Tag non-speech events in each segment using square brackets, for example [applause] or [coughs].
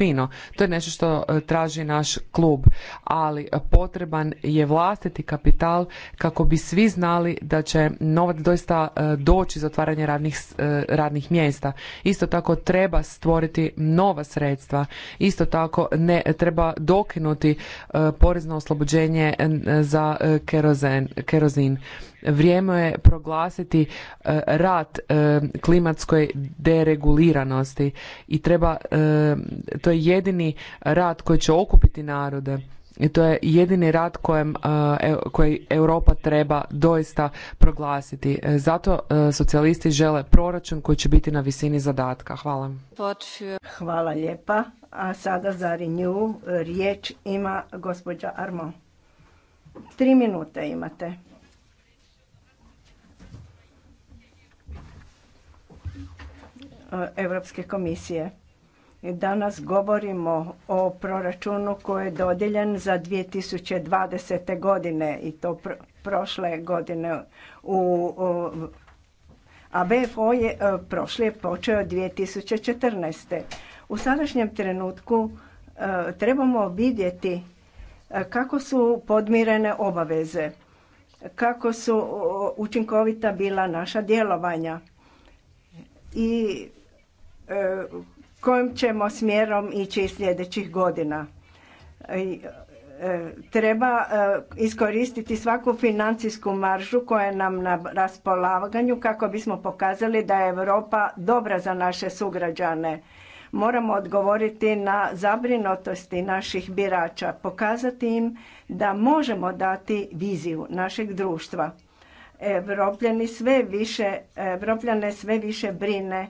fino. To je nešto što e, traži naš klub, ali e, potreban je vlastiti kapital kako bi svi znali da će novac doista e, doći za otvaranje radnih, radnih mjesta. Isto tako treba stvoriti nova sredstva. Isto tako ne treba dokinuti porezno oslobođenje za kerozen, kerozin. Vrijeme je proglasiti e, rat e, klimatskoj dereguliranosti i treba, e, to je jedini rat koji će okupiti narode i to je jedini rat kojem, koji Europa treba doista proglasiti. Zato socijalisti žele proračun koji će biti na visini zadatka. Hvala. Hvala lijepa. A sada za Renew riječ ima gospođa Armo. Tri minute imate. Eh, Europske komisije. Danas govorimo o proračunu koji je dodijeljen za 2020. godine i to prošle godine u, a BFO je eh, prošli je počeo 2014. U sadašnjem trenutku eh, trebamo vidjeti kako su podmirene obaveze, kako su učinkovita bila naša djelovanja i E, kojim ćemo smjerom ići sljedećih godina. E, treba e, iskoristiti svaku financijsku maržu koja je nam na raspolaganju kako bismo pokazali da je Europa dobra za naše sugrađane. Moramo odgovoriti na zabrinutosti naših birača, pokazati im da možemo dati viziju našeg društva. Evropljani sve više, Evropljane sve više brine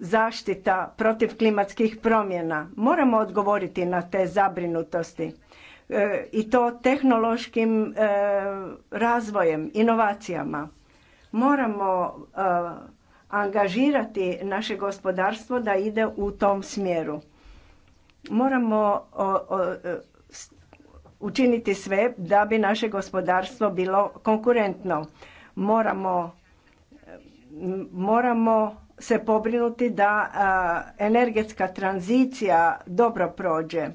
zaštita protiv klimatskih promjena. Moramo odgovoriti na te zabrinutosti e, i to tehnološkim e, razvojem, inovacijama. Moramo e, angažirati naše gospodarstvo da ide u tom smjeru. Moramo učiniti sve da bi naše gospodarstvo bilo konkurentno. Moramo moramo se pobrinuti da energetska tranzicija dobro prođe.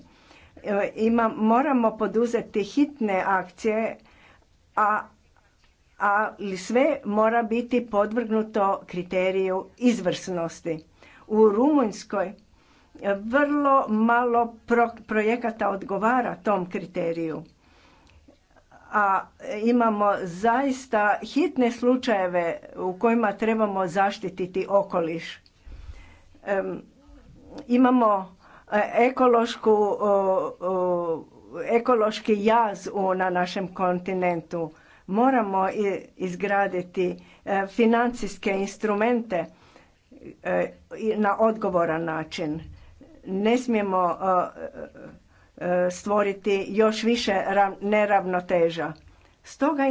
E, moramo poduzeti hitne akcije, a, ali sve mora biti podvrgnuto kriteriju izvrsnosti. U Rumunjskoj e, vrlo malo projekata odgovara tom kriteriju a imamo zaista hitne slučajeve u kojima trebamo zaštititi okoliš. Imamo e, ekološku, ekološki jaz na našem kontinentu. Moramo izgraditi e, financijske instrumente e, na odgovoran način. Ne smijemo E, stvoriti još više neravnoteža. Stoga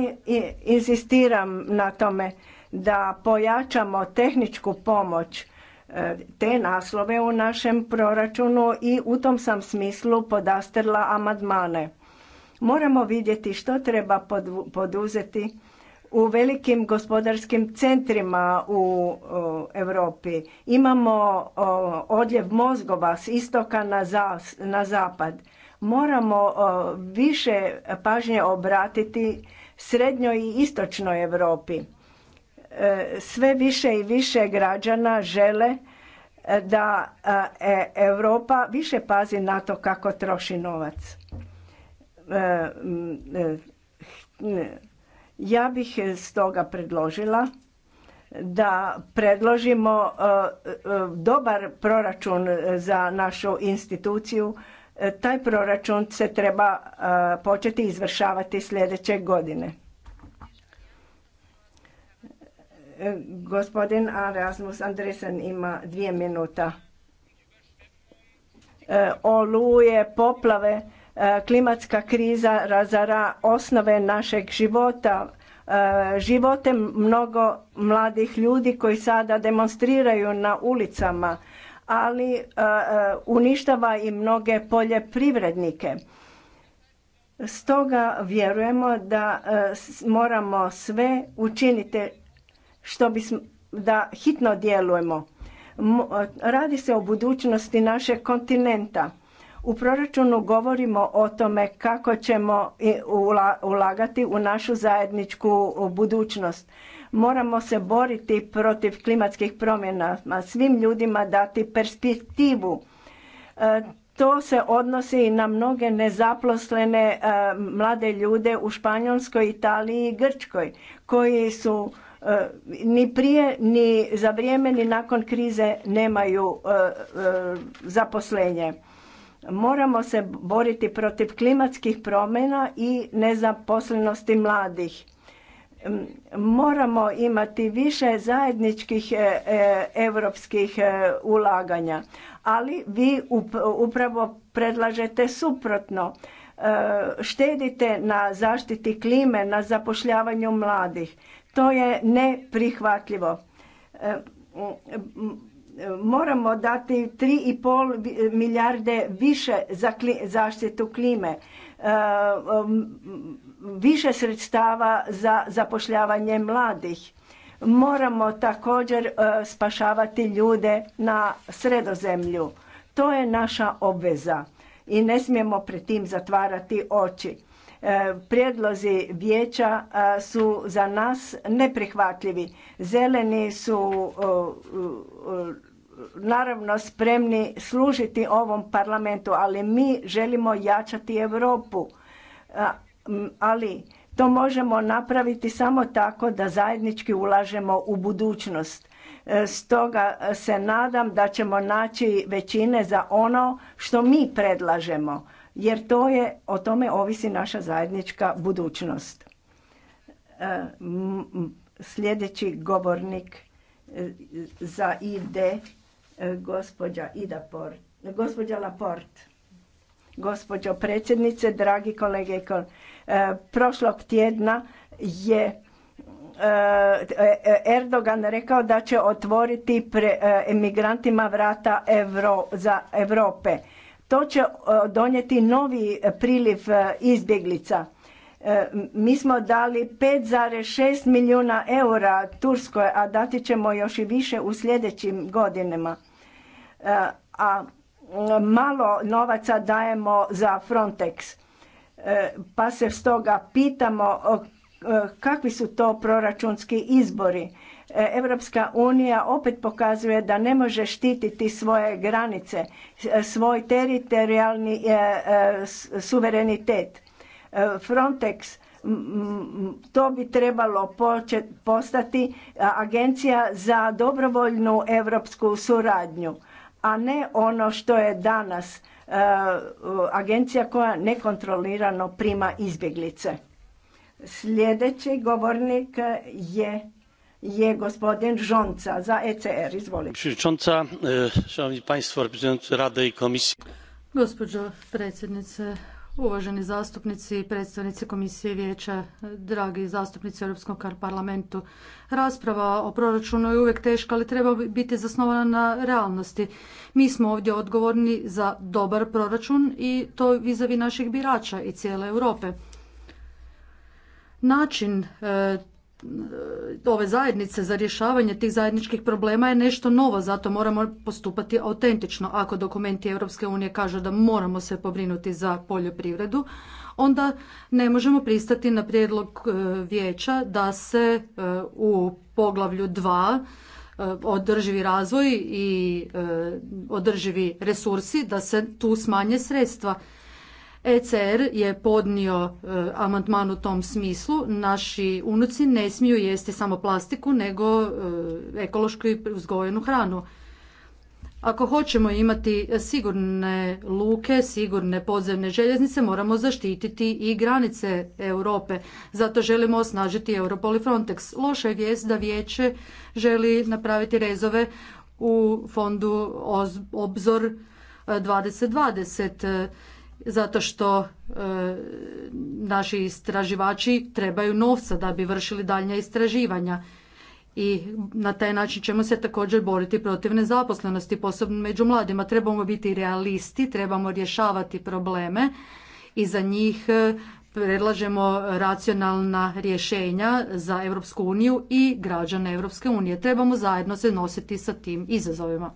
inzistiram na tome da pojačamo tehničku pomoć e, te naslove u našem proračunu i u tom sam smislu podastrla amandmane. Moramo vidjeti što treba poduzeti u velikim gospodarskim centrima u Europi. Imamo odljev mozgova s istoka na, zapad. Moramo više pažnje obratiti srednjoj i istočnoj Europi. E, sve više i više građana žele e, da e, Europa više pazi na to kako troši novac hm, ja bih stoga predložila da predložimo e, e, dobar proračun za našu instituciju. E, taj proračun se treba početi izvršavati sljedeće godine. Gospodin Erasmus Andresen ima dvije minuta. Oluje, poplave Klimatska kriza razara osnove našeg života, e, živote mnogo mladih ljudi koji sada demonstriraju na ulicama, ali e, e, uništava i mnoge poljoprivrednike. Stoga vjerujemo da moramo sve učiniti što da hitno djelujemo. Radi se o budućnosti našeg kontinenta u proračunu govorimo o tome kako ćemo ulagati u našu zajedničku budućnost. Moramo se boriti protiv klimatskih promjena, svim ljudima dati perspektivu. E, to se odnosi i na mnoge nezaposlene e, mlade ljude u Španjolskoj, Italiji i Grčkoj koji su e, ni prije, ni za vrijeme, ni nakon krize nemaju zaposlenje. Moramo se boriti protiv klimatskih promjena i nezaposlenosti mladih. Moramo imati više zajedničkih europskih e, e, ulaganja, ali vi upravo predlažete suprotno. E, štedite na zaštiti klime, na zapošljavanju mladih. To je neprihvatljivo moramo dati 3,5 milijarde više za zaštitu klime, e, više sredstava za zapošljavanje mladih. Moramo također e, spašavati ljude na sredozemlju. To je naša obveza i ne smijemo pred tim zatvarati oči. E, prijedlozi vijeća su za nas neprihvatljivi. Zeleni su naravno spremni služiti ovom parlamentu, ali mi želimo jačati Europu. Ali to možemo napraviti samo tako da zajednički ulažemo u budućnost. E, stoga se nadam da ćemo naći većine za ono što mi predlažemo, jer to je, o tome ovisi naša zajednička budućnost. E, sljedeći govornik e, za ide. E, gospođa Ida Port, gospođa Laport, gospođo predsjednice, dragi kolege, e, prošlog tjedna je e, Erdogan rekao da će otvoriti pre, emigrantima vrata Evro, za Europe. To će donijeti novi priliv izbjeglica E, mi smo dali 5,6 milijuna eura Turskoj, a dati ćemo još i više u sljedećim godinama. E, a malo novaca dajemo za Frontex. E, pa se stoga pitamo kakvi su to proračunski izbori. Europska unija opet pokazuje da ne može štititi svoje granice, svoj teritorijalni suverenitet E, Frontex to bi trebalo postati e, agencija za dobrovoljnu europsku suradnju, a ne ono što je danas e, agencija koja nekontrolirano prima izbjeglice. Sljedeći govornik je je gospodin Žonca za ECR. Izvolite. Państwo, i komisije. Gospođo predsjednice Uvaženi zastupnici i predstavnici Komisije vijeća, dragi zastupnici u Europskom parlamentu, rasprava o proračunu je uvijek teška, ali treba biti zasnovana na realnosti. Mi smo ovdje odgovorni za dobar proračun i to vizavi naših birača i cijele Europe. Način e, ove zajednice za rješavanje tih zajedničkih problema je nešto novo, zato moramo postupati autentično. Ako dokumenti Europske unije kažu da moramo se pobrinuti za poljoprivredu, onda ne možemo pristati na prijedlog e, vijeća da se e, u poglavlju 2 e, održivi razvoj i održivi resursi, da se tu smanje sredstva ECR je podnio e, amandman u tom smislu. Naši unuci ne smiju jesti samo plastiku, nego e, ekološku i uzgojenu hranu. Ako hoćemo imati sigurne luke, sigurne podzemne željeznice, moramo zaštititi i granice Europe. Zato želimo osnažiti Europol Frontex. Loša je vijest da vijeće želi napraviti rezove u fondu Obzor 2020 e, zato što e, naši istraživači trebaju novca da bi vršili daljnja istraživanja i na taj način ćemo se također boriti protiv nezaposlenosti, posebno među mladima. Trebamo biti realisti, trebamo rješavati probleme i za njih e, predlažemo racionalna rješenja za Europsku uniju i građane Europske unije. Trebamo zajedno se nositi sa tim izazovima.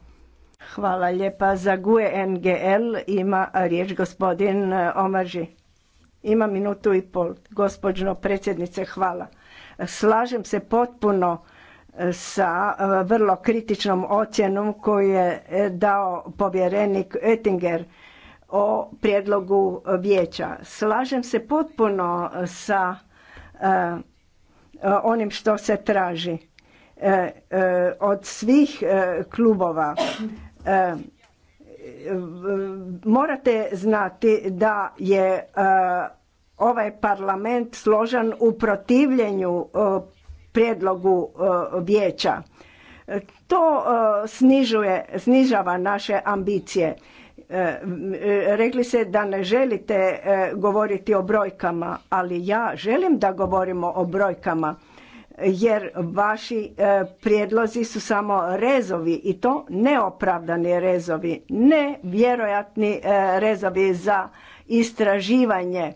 Hvala lijepa. Za GUE NGL ima riječ gospodin e, Omarži. Ima minutu i pol. Gospođo predsjednice, hvala. Slažem se potpuno e, sa e, vrlo kritičnom ocjenom koju je dao povjerenik Oettinger o prijedlogu vijeća. Slažem se potpuno sa onim što se traži od svih klubova morate znati da je eh, ovaj parlament složan u protivljenju eh, prijedlogu eh, vijeća. To snižuje, snižava naše ambicije. Rekli se da ne želite govoriti o brojkama, ali ja želim da govorimo o brojkama jer vaši e, prijedlozi su samo rezovi i to neopravdani rezovi, Ne vjerojatni e, rezovi za istraživanje,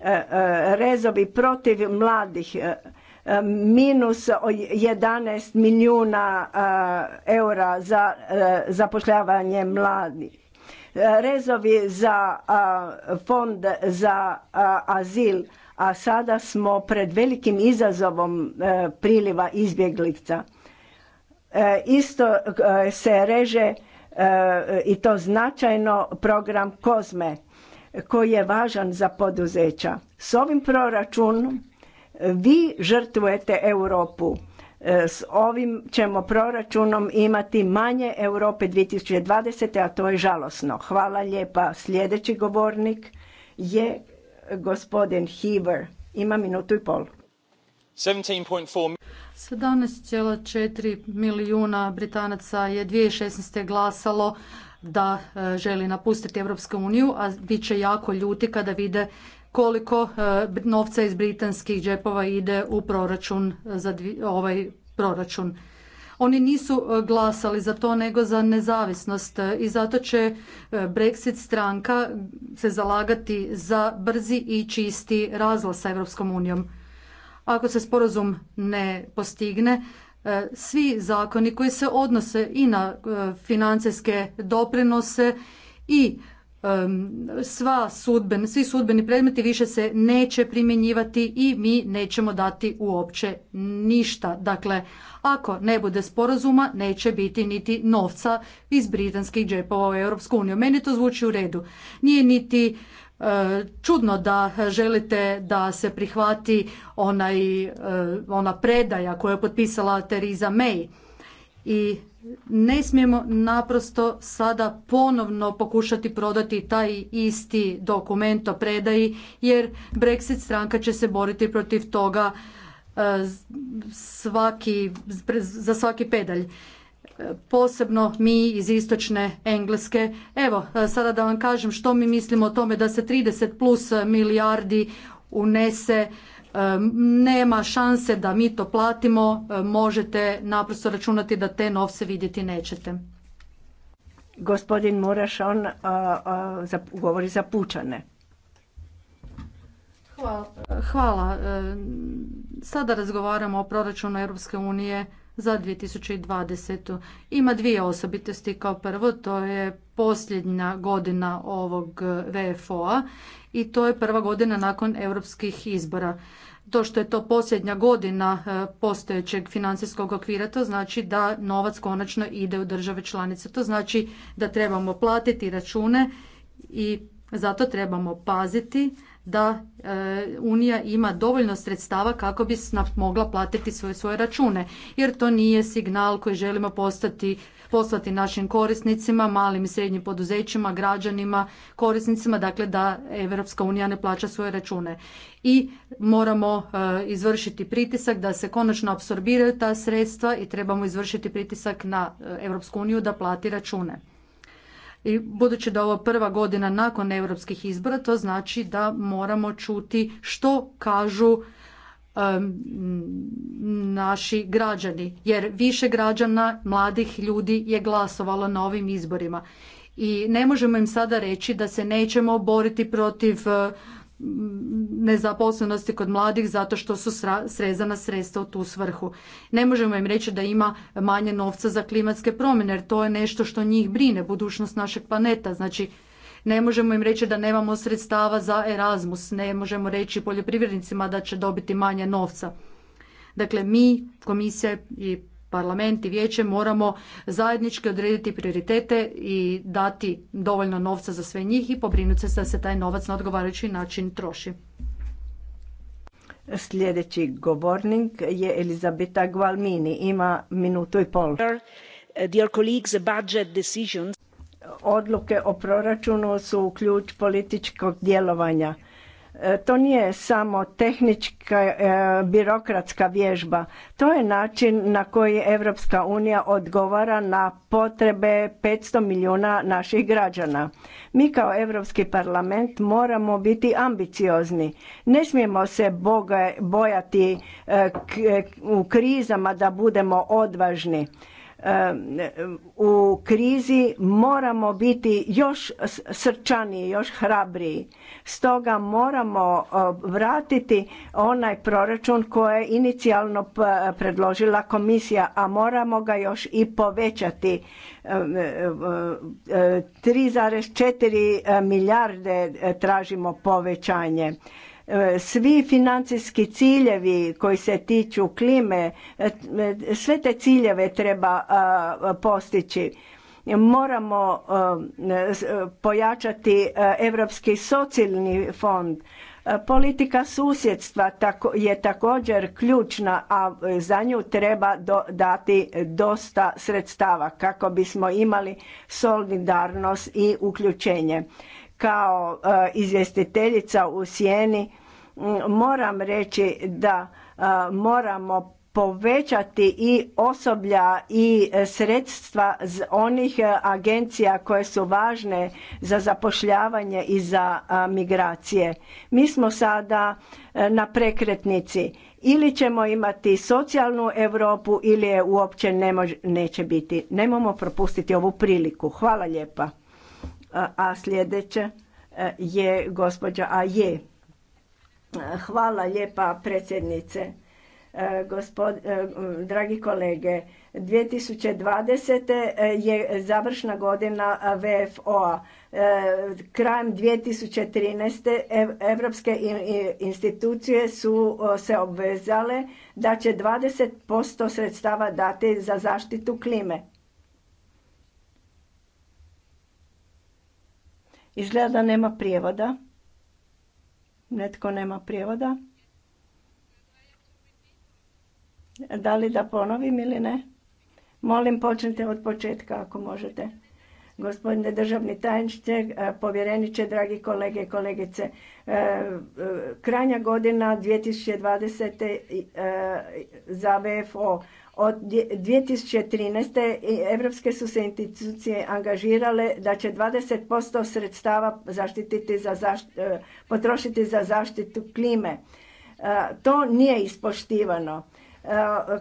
e, rezovi protiv mladih, minus 11 milijuna eura za zapošljavanje mladih, rezovi za fond za azil, a sada smo pred velikim izazovom e, priliva izbjeglica. E, isto e, se reže i to značajno program Kozme koji je važan za poduzeća. S ovim proračunom vi žrtvujete Europu. S ovim ćemo proračunom imati manje Europe 2020. a to je žalosno. Hvala lijepa. Sljedeći govornik je Gospodin Hiver ima minutu i pol. 17,4 milijuna Britanaca je 2016. glasalo da e, želi napustiti Europsku uniju, a bit će jako ljuti kada vide koliko e, novca iz britanskih džepova ide u proračun e, za ovaj proračun. Oni nisu e, glasali za to nego za nezavisnost e, i zato će e, Brexit stranka se zalagati za brzi i čisti razlaz sa Europskom unijom. Ako se sporazum ne postigne, svi zakoni koji se odnose i na financijske doprinose i sva svi sudbeni predmeti više se neće primjenjivati i mi nećemo dati uopće ništa. Dakle, ako ne bude sporazuma, neće biti niti novca iz britanskih džepova u Europsku uniju. Meni to zvuči u redu. Nije niti e, čudno da želite da se prihvati onaj, e, ona predaja koju je potpisala Theresa May i ne smijemo naprosto sada ponovno pokušati prodati taj isti dokument o predaji jer Brexit stranka će se boriti protiv toga e, svaki, za svaki pedalj e, posebno mi iz istočne Engleske. Evo, e, sada da vam kažem što mi mislimo o tome da se 30 plus milijardi unese nema šanse da mi to platimo, možete naprosto računati da te novce vidjeti nećete. Gospodin Moraš, on za, govori za pučane. Hvala. Hvala. Sada razgovaramo o proračunu Europske unije za 2020. Ima dvije osobitosti. Kao prvo, to je posljednja godina ovog eh, VFO-a i to je prva godina nakon europskih izbora. To što je to posljednja godina eh, postojećeg financijskog okvira, to znači da novac konačno ide u države članice. To znači da trebamo platiti račune i zato trebamo paziti da e, Unija ima dovoljno sredstava kako bi mogla platiti svoje, svoje račune, jer to nije signal koji želimo postati poslati našim korisnicima, malim i srednjim poduzećima, građanima, korisnicima, dakle da Europska unija ne plaća svoje račune. I moramo e, izvršiti pritisak da se konačno apsorbiraju ta sredstva i trebamo izvršiti pritisak na Europsku uniju da plati račune. I budući da je ovo prva godina nakon europskih izbora, to znači da moramo čuti što kažu naši građani, jer više građana, mladih ljudi je glasovalo na ovim izborima. I ne možemo im sada reći da se nećemo boriti protiv nezaposlenosti kod mladih zato što su srezana sredstva u tu svrhu. Ne možemo im reći da ima manje novca za klimatske promjene jer to je nešto što njih brine, budućnost našeg planeta. Znači ne možemo im reći da nemamo sredstava za Erasmus, ne možemo reći poljoprivrednicima da će dobiti manje novca. Dakle, mi, komisija i parlament i vijeće moramo zajednički odrediti prioritete i dati dovoljno novca za sve njih i pobrinuti se da se taj novac na odgovarajući način troši. Sljedeći govornik je Elizabeta Gualmini, ima minutu i pol. Dear colleagues, budget decisions. Odluke o proračunu su ključ političkog djelovanja E, to nije samo tehnička e, birokratska vježba. To je način na koji Europska unija odgovara na potrebe 500 milijuna naših građana. Mi kao Europski parlament moramo biti ambiciozni. Ne smijemo se bojati e, u krizama da budemo odvažni u krizi moramo biti još srčaniji, još hrabriji. Stoga moramo vratiti onaj proračun koji je inicijalno predložila komisija, a moramo ga još i povećati. 3,4 e, e, e, milijarde tražimo povećanje. Svi financijski ciljevi koji se tiču klime, e, e, sve te ciljeve treba postići. Moramo pojačati Europski socijalni fond. Politika susjedstva je također ključna, a za nju treba dati dosta sredstava kako bismo imali solidarnost i uključenje kao e, izvjestiteljica u sjeni moram reći da e, moramo povećati i osoblja i sredstva onih e, agencija koje su važne za zapošljavanje i za migracije. Mi smo sada na prekretnici. Ili ćemo imati socijalnu Europu ili je uopće neće biti. Nemojmo propustiti ovu priliku. Hvala lijepa a sljedeća e, je gospođa A. Je. E, hvala lijepa predsjednice. E, gospod, dragi kolege, 2020. je završna godina VFO-a. Krajem 2013. evropske institucije su se obvezale da će 20% sredstava dati za zaštitu klime Izgleda da nema prijevoda. Netko nema prijevoda. Da li da ponovim ili ne? Molim, počnite od početka ako možete. Gospodine državni tajniče, e, povjereniče, dragi kolege i kolegice, e, e, Kranja godina 2020. za VFO od 2013. evropske su se institucije angažirale da će 20% sredstava zaštititi za e, potrošiti za zaštitu klime. E, to nije ispoštivano. E,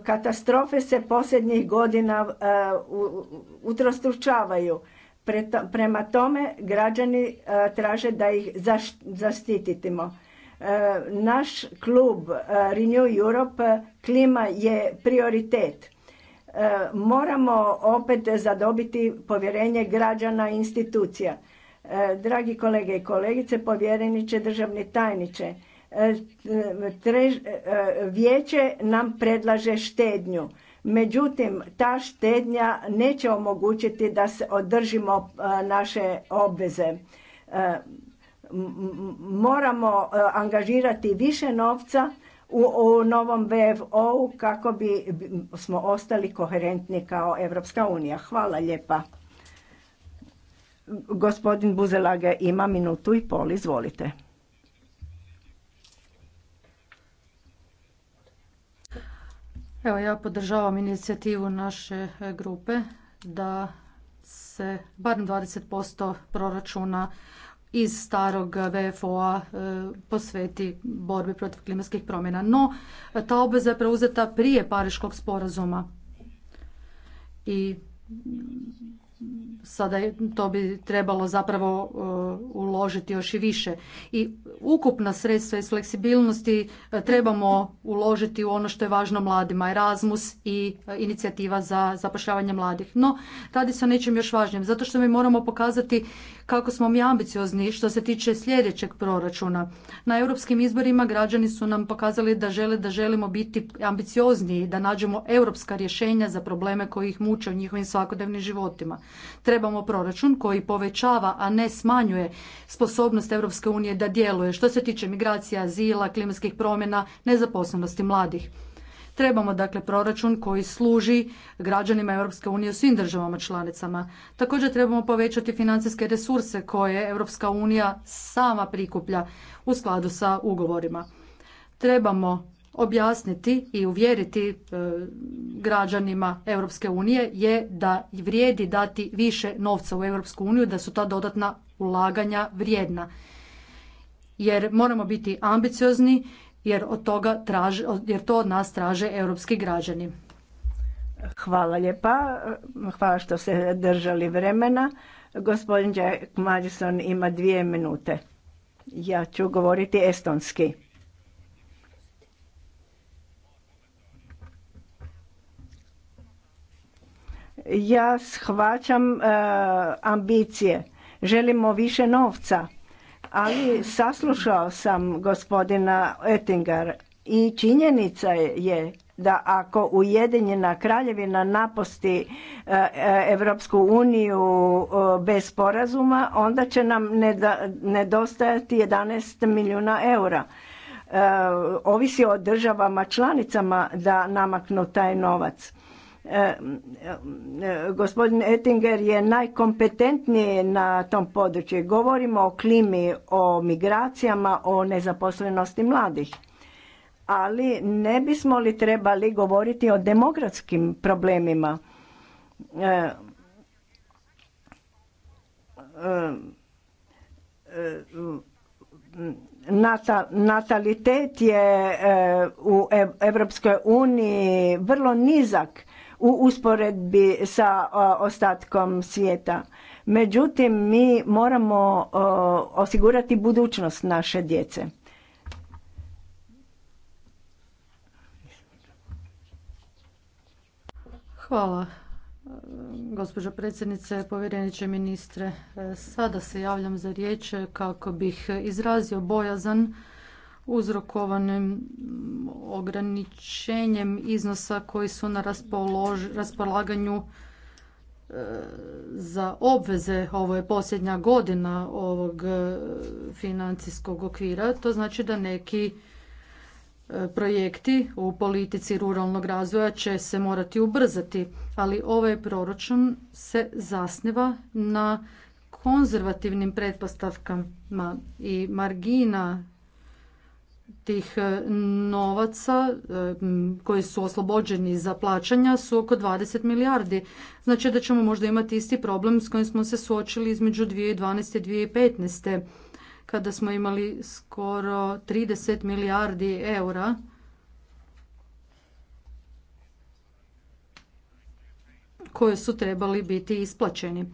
katastrofe se posljednjih godina utrostručavaju. Prema tome građani traže da ih zaštititimo E, naš klub e, Renew Europe klima je prioritet. E, moramo opet zadobiti povjerenje građana i institucija. Dragi kolege i kolegice, povjereniče, državni tajniče, vijeće nam predlaže štednju. Međutim, ta štednja neće omogućiti da se održimo naše obveze moramo e, angažirati više novca u, novom vfo kako bi smo ostali koherentni kao Evropska unija. Hvala lijepa. Gospodin Buzelage ima minutu i pol, izvolite. Evo ja podržavam inicijativu naše grupe da se barem 20% proračuna iz starog VFO-a e, posveti borbi protiv klimatskih promjena. No, ta obveza je preuzeta prije Pariškog sporazuma i sada to bi trebalo zapravo e, uložiti još i više. I ukupna sredstva iz fleksibilnosti e, trebamo uložiti u ono što je važno mladima, Erasmus i inicijativa za zapošljavanje mladih. No, radi se o nečem još važnijem, zato što mi moramo pokazati kako smo mi ambiciozni što se tiče sljedećeg proračuna. Na europskim izborima građani su nam pokazali da žele da želimo biti ambiciozniji, da nađemo europska rješenja za probleme koji ih muče u njihovim svakodnevnim životima. Trebamo proračun koji povećava, a ne smanjuje sposobnost Europske unije da djeluje što se tiče migracija, azila, klimatskih promjena, nezaposlenosti mladih. Trebamo dakle proračun koji služi građanima Europske unije u svim državama članicama. Također trebamo povećati financijske resurse koje Europska unija sama prikuplja u skladu sa ugovorima. Trebamo objasniti i uvjeriti e, građanima Europske unije je da vrijedi dati više novca u Europsku uniju, da su ta dodatna ulaganja vrijedna. Jer moramo biti ambiciozni jer, od toga jer to od nas traže europski građani. Hvala lijepa. Hvala što ste držali vremena. Gospodin Jack Madison ima dvije minute. Ja ću govoriti estonski. Ja shvaćam eh, ambicije. Želimo više novca ali saslušao sam gospodina Oettinger i činjenica je da ako Ujedinjena kraljevina napusti Europsku e, uniju e, bez sporazuma, onda će nam nedostajati 11 milijuna eura. E, ovisi o državama članicama da namaknu taj novac. Gospodin Ettinger je najkompetentniji na tom području. Govorimo o klimi, o migracijama, o nezaposlenosti mladih. Ali ne bismo li trebali govoriti o demokratskim problemima? E, e, e, natalitet je u Europskoj uniji vrlo nizak u usporedbi sa ostatkom svijeta. Međutim, mi moramo osigurati budućnost naše djece. Hvala. Gospođo predsjednice, povjereniče ministre, sada se javljam za riječ kako bih izrazio bojazan uzrokovanim ograničenjem iznosa koji su na raspolaganju e, za obveze, ovo je posljednja godina ovog e, financijskog okvira, to znači da neki e, projekti u politici ruralnog razvoja će se morati ubrzati, ali ovaj proračun se zasniva na konzervativnim pretpostavkama i margina tih e, novaca e, koji su oslobođeni za plaćanja su oko 20 milijardi. Znači da ćemo možda imati isti problem s kojim smo se suočili između 2012. i 2015. kada smo imali skoro 30 milijardi eura koje su trebali biti isplaćeni.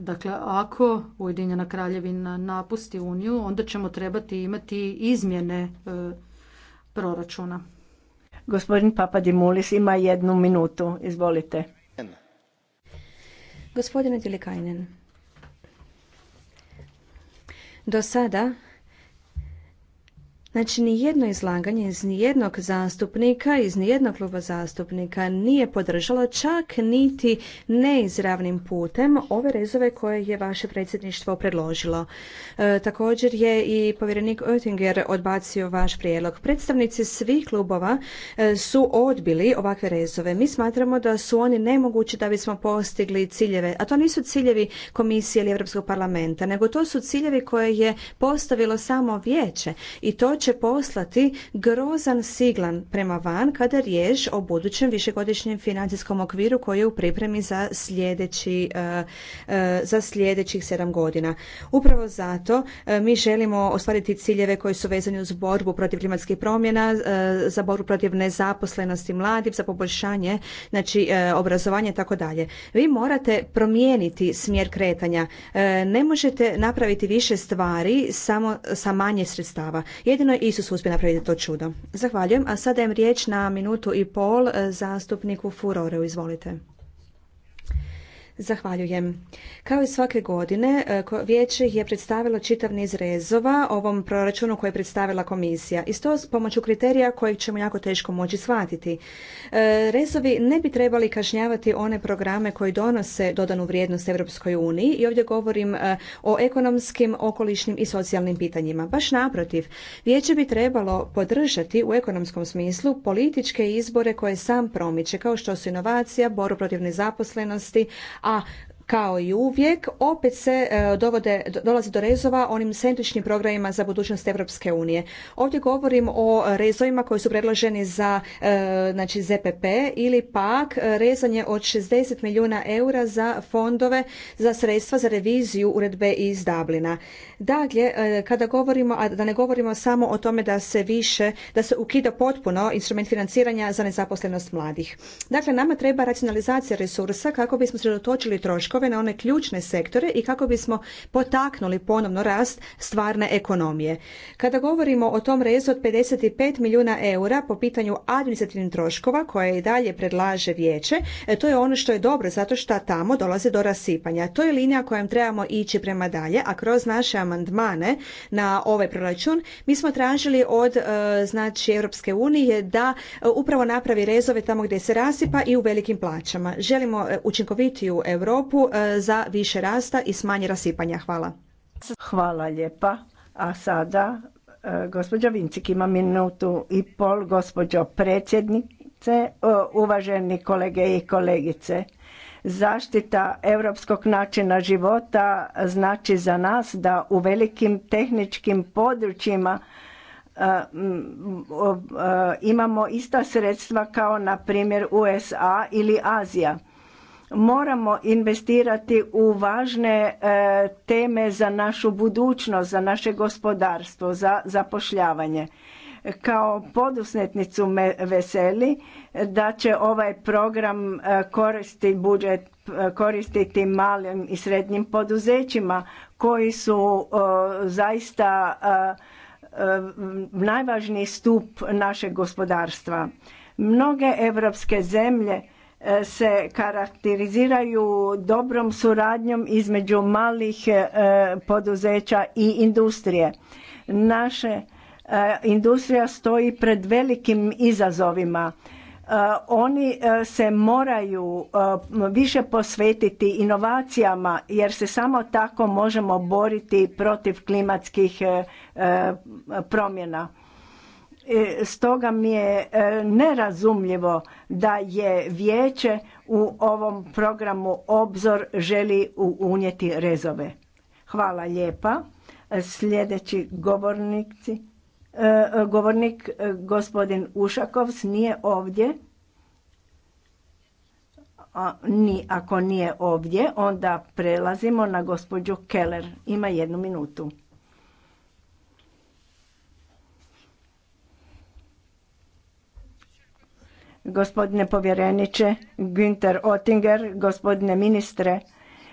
Dakle, ako Ujedinjena kraljevina napusti Uniju, onda ćemo trebati imati izmjene e, proračuna. Gospodin Papadimulis ima jednu minutu. Izvolite. Gospodine Tilikajnen, do sada Znači, nijedno izlaganje iz nijednog zastupnika, iz nijednog kluba zastupnika nije podržalo čak niti neizravnim putem ove rezove koje je vaše predsjedništvo predložilo. E, također je i povjerenik Oettinger odbacio vaš prijedlog. Predstavnici svih klubova e, su odbili ovakve rezove. Mi smatramo da su oni nemogući da bismo postigli ciljeve, a to nisu ciljevi komisije ili Europskog parlamenta, nego to su ciljevi koje je postavilo samo vijeće i to će poslati grozan siglan prema van kada je riječ o budućem višegodišnjem financijskom okviru koji je u pripremi za, sljedeći, e, e, za sljedećih sedam godina. Upravo zato e, mi želimo ostvariti ciljeve koji su vezani uz borbu protiv klimatskih promjena, za borbu protiv nezaposlenosti mladih, za poboljšanje znači, obrazovanja i tako dalje. Vi morate promijeniti smjer kretanja. Ne možete napraviti više stvari samo sa manje sredstava. Jedino Jedino je Isus uspio napraviti to čudo. Zahvaljujem, a sada dajem riječ na minutu i pol eh, zastupniku Furoreu. Izvolite. Zahvaljujem. Kao i svake godine, e, vijeće je predstavilo čitav niz rezova ovom proračunu koje je predstavila komisija. I to s pomoću kriterija kojeg ćemo jako teško moći shvatiti. E, rezovi ne bi trebali kažnjavati one programe koji donose dodanu vrijednost Europskoj uniji i ovdje govorim e, o ekonomskim, okolišnim i socijalnim pitanjima. Baš naprotiv, vijeće bi trebalo podržati u ekonomskom smislu političke izbore koje sam promiče, kao što su inovacija, boru protiv nezaposlenosti, a kao i uvijek, opet se e, dovode, dolazi do rezova onim sendvičnim programima za budućnost Europske unije. Ovdje govorim o rezovima koji su predloženi za e, znači ZPP ili pak e, rezanje od 60 milijuna eura za fondove za sredstva za reviziju uredbe iz Dublina. Dakle, kada govorimo, a da ne govorimo samo o tome da se više, da se ukida potpuno instrument financiranja za nezaposlenost mladih. Dakle, nama treba racionalizacija resursa kako bismo sredotočili troškove troškove na one ključne sektore i kako bismo potaknuli ponovno rast stvarne ekonomije. Kada govorimo o tom rezu od 55 milijuna eura po pitanju administrativnih troškova koje i dalje predlaže vijeće, e, to je ono što je dobro zato što tamo dolazi do rasipanja. To je linija kojom trebamo ići prema dalje, a kroz naše amandmane na ovaj proračun mi smo tražili od e, znači Europske unije da e, upravo napravi rezove tamo gdje se rasipa i u velikim plaćama. Želimo učinkovitiju Europu E, za više rasta i smanje rasipanja. Hvala. Hvala lijepa. A sada e, gospođo Vincik ima minutu i pol, gospođo predsjednice, e, uvaženi kolege i kolegice. Zaštita europskog načina života znači za nas da u velikim tehničkim područjima imamo ista sredstva kao na primjer USA ili Azija moramo investirati u važne e, teme za našu budućnost, za naše gospodarstvo, za zapošljavanje. Kao podusnetnicu me veseli da će ovaj program e, koristi budžet e, koristiti malim i srednjim poduzećima koji su zaista e, najvažniji stup našeg gospodarstva. Mnoge europske zemlje E, se karakteriziraju dobrom suradnjom između malih e, poduzeća i industrije. Naše e, industrija stoji pred velikim izazovima. Oni se moraju više posvetiti inovacijama jer se samo tako možemo boriti protiv klimatskih promjena E, stoga mi je e, nerazumljivo da je vijeće u ovom programu Obzor želi unijeti rezove. Hvala lijepa. Sljedeći govornici, e, govornik gospodin Ušakovs nije ovdje. A, ni, ako nije ovdje, onda prelazimo na gospođu Keller. Ima jednu minutu. gospodine povjereniče Günter Oettinger, gospodine ministre,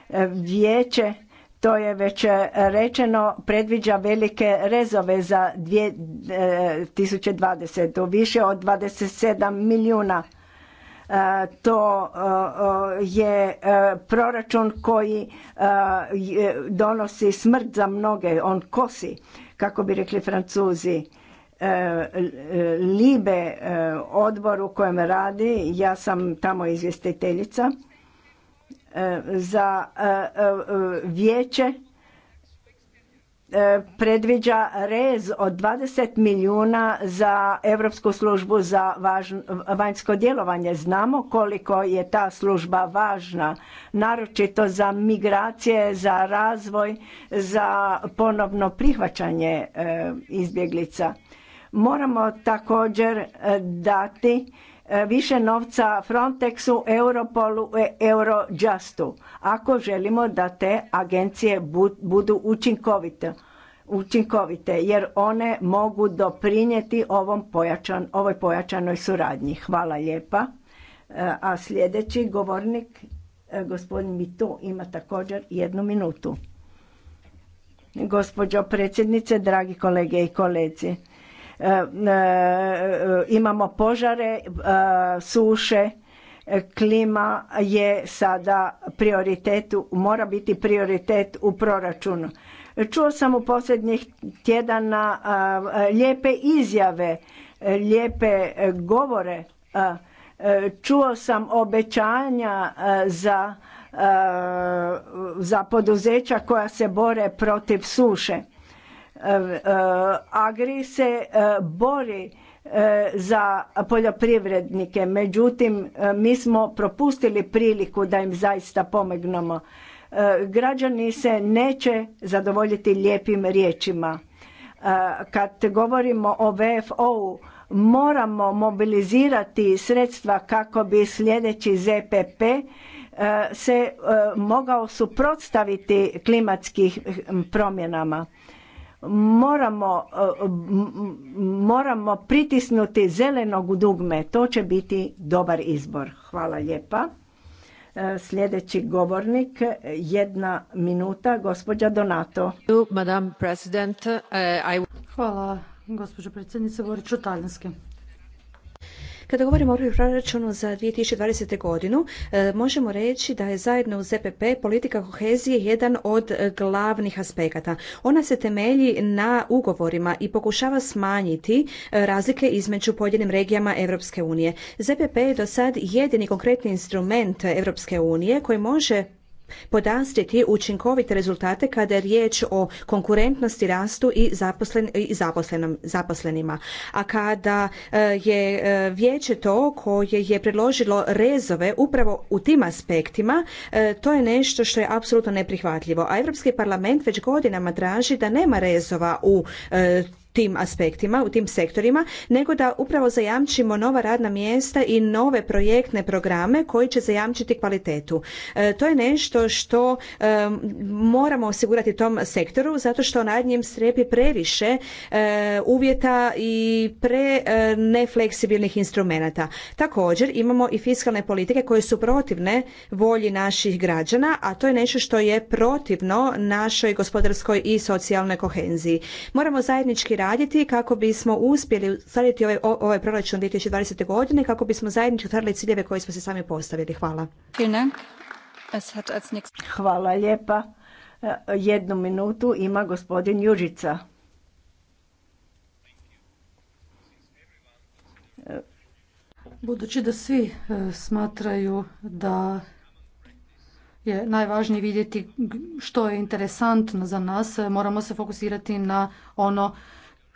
e, vijeće, to je već rečeno, predviđa velike rezove za 2020. E, više od 27 milijuna. E, to je proračun koji donosi smrt za mnoge, on kosi, kako bi rekli francuzi E, Libe e, odbor u kojem radi, ja sam tamo izvjestiteljica e, za vijeće predviđa rez od 20 milijuna za Europsku službu za vanjsko djelovanje. Znamo koliko je ta služba važna, naročito za migracije, za razvoj, za ponovno prihvaćanje izbjeglica Moramo također e, dati e, više novca Frontexu, Europolu, e, Eurojustu ako želimo da te agencije budu učinkovite učinkovite jer one mogu doprinijeti ovom pojačan, ovoj pojačanoj suradnji. Hvala lijepa. A sljedeći govornik, gospodin tu, ima također jednu minutu. Gospođo predsjednice, dragi kolege i kolezi. E, e, imamo požare, e, suše, klima je sada prioritet, mora biti prioritet u proračunu. Čuo sam u posljednjih tjedana lijepe izjave, lijepe govore. Čuo sam obećanja za, za poduzeća koja se bore protiv suše Eh, Agri se eh, bori eh, za poljoprivrednike, međutim mi smo propustili priliku da im zaista pomognemo. Građani se neće zadovoljiti lijepim riječima. Kad govorimo o VFO-u, moramo mobilizirati sredstva kako bi sljedeći ZPP se mogao suprotstaviti klimatskim promjenama Moramo, e, moramo pritisnuti zelenog dugme. To će biti dobar izbor. Hvala lijepa. E, sljedeći govornik, jedna minuta, gospođa Donato. E, Hvala, gospođo predsjednice, govorit ću kada govorimo o proračunu za 2020. godinu, e, možemo reći da je zajedno u ZPP e politika kohezije jedan od e, glavnih aspekata. Ona se temelji na ugovorima i pokušava smanjiti razlike između pojedinim regijama Europske unije. ZPP je do sad jedini konkretni instrument Europske unije koji može podastrijeti učinkovite rezultate kada je riječ o konkurentnosti, rastu i, zaposlenima. A kada e, je e, vijeće to koje je predložilo rezove upravo u tim aspektima, e, to je nešto što je apsolutno neprihvatljivo. A Europski parlament već godinama traži da nema rezova u tim aspektima, u tim sektorima, nego da upravo zajamčimo nova radna mjesta i nove projektne programe koji će zajamčiti kvalitetu. E, to je nešto što e, moramo osigurati tom sektoru zato što na njem strepi previše e, uvjeta i pre nefleksibilnih instrumenata. Također imamo i fiskalne politike koje su protivne volji naših građana, a to je nešto što je protivno našoj gospodarskoj i socijalnoj kohenziji. Moramo zajednički raditi kako bismo uspjeli ostvariti ovaj, ovaj proračun 2020. godine kako bismo zajednički ostvarili ciljeve koje smo se sami postavili. Hvala. Hvala lijepa. E, jednu minutu ima gospodin Južica. Budući da svi e, smatraju da je najvažnije vidjeti što je interesantno za nas, e, moramo se fokusirati na ono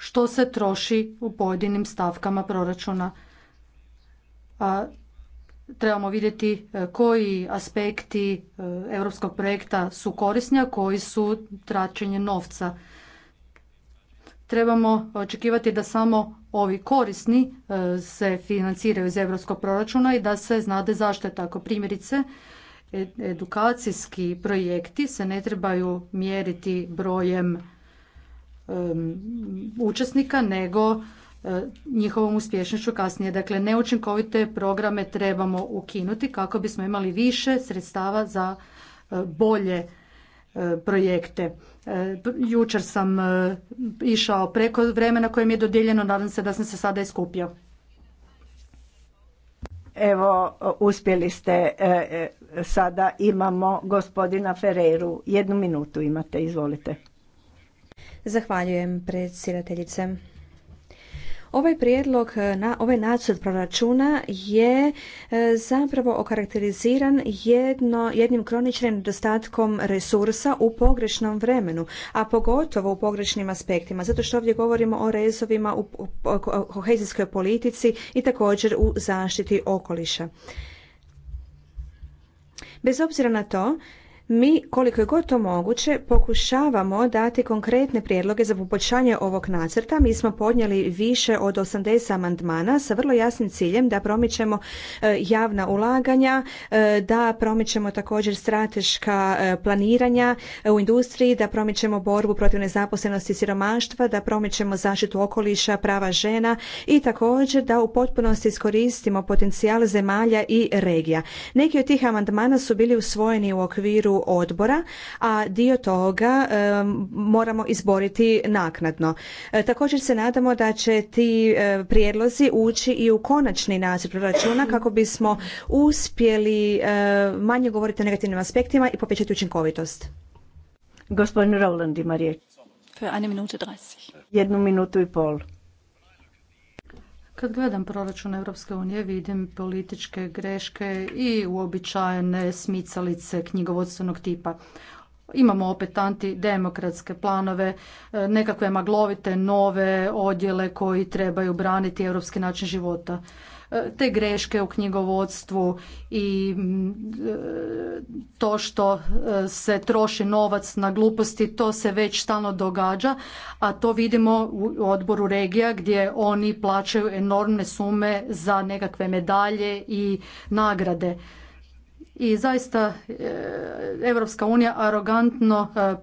što se troši u pojedinim stavkama proračuna. A trebamo vidjeti e, koji aspekti e, europskog projekta su korisni, a koji su traćenje novca. Trebamo očekivati da samo ovi korisni e, se financiraju iz europskog proračuna i da se znade zašto je tako. Primjerice, edukacijski projekti se ne trebaju mjeriti brojem učesnika nego eh, njihovom uspješnošću kasnije. Dakle, neučinkovite programe trebamo ukinuti kako bismo imali više sredstava za eh, bolje eh, projekte. Jučer sam išao preko vremena koje mi je dodijeljeno, nadam se da sam se sada iskupio. Evo, uspjeli ste, sada imamo gospodina Ferreru. Jednu minutu imate, izvolite. Zahvaljujem predsjedateljice. Ovaj prijedlog, na, ovaj nacrt proračuna je e, zapravo okarakteriziran jedno, jednim kroničnim nedostatkom resursa u pogrešnom vremenu, a pogotovo u pogrešnim aspektima, zato što ovdje govorimo o rezovima u kohezijskoj politici i također u zaštiti okoliša. Bez obzira na to, mi, koliko je god to moguće, pokušavamo dati konkretne prijedloge za poboljšanje ovog nacrta. Mi smo podnijeli više od 80 amandmana sa vrlo jasnim ciljem da promičemo e, javna ulaganja, e, da promičemo također strateška e, planiranja u industriji, da promičemo borbu protiv nezaposlenosti i siromaštva, da promičemo zaštitu okoliša, prava žena i također da u potpunosti iskoristimo potencijal zemalja i regija. Neki od tih amandmana su bili usvojeni u okviru odbora, a dio toga e, moramo izboriti naknadno. E, također se nadamo da će ti e, prijedlozi ući i u konačni nacrt proračuna kako bismo uspjeli manje govoriti o negativnim aspektima i povećati učinkovitost. Gospodin Rowland ima riječ. Jednu minutu i pol. Kad gledam proračun Europske unije vidim političke greške i uobičajene smicalice knjigovodstvenog tipa. Imamo opet antidemokratske planove, e, nekakve maglovite nove odjele koji trebaju braniti europski način života te greške u knjigovodstvu i mm, e, to što e, se troši novac na gluposti, to se već stalno događa, a to vidimo u odboru regija gdje oni plaćaju enormne sume za nekakve medalje i nagrade. I zaista Europska unija arogantno e,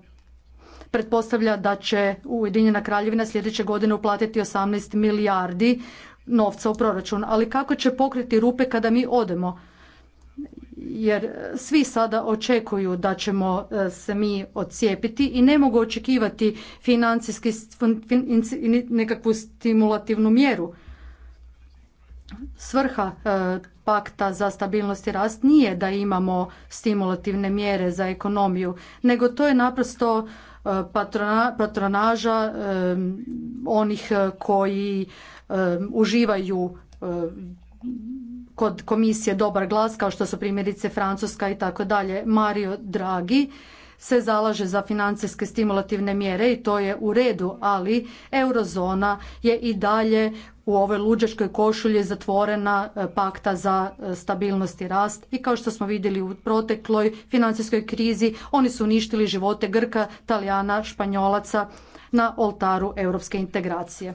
pretpostavlja da će Ujedinjena kraljevina sljedeće godine uplatiti 18 milijardi novca u proračun, ali kako će pokriti rupe kada mi odemo? Jer svi sada očekuju da ćemo e, se mi odcijepiti i ne mogu očekivati financijski nekakvu stimulativnu mjeru. Svrha e, pakta za stabilnost i rast nije da imamo stimulativne mjere za ekonomiju, nego to je naprosto e, patronaža onih koji Um, uživaju um, kod komisije dobar glas kao što su primjerice Francuska i tako dalje. Mario Draghi se zalaže za financijske stimulativne mjere i to je u redu, ali eurozona je i dalje u ovoj luđačkoj košulji zatvorena uh, pakta za uh, stabilnost i rast i kao što smo vidjeli u protekloj financijskoj krizi oni su uništili živote Grka, Talijana, Španjolaca na oltaru europske integracije.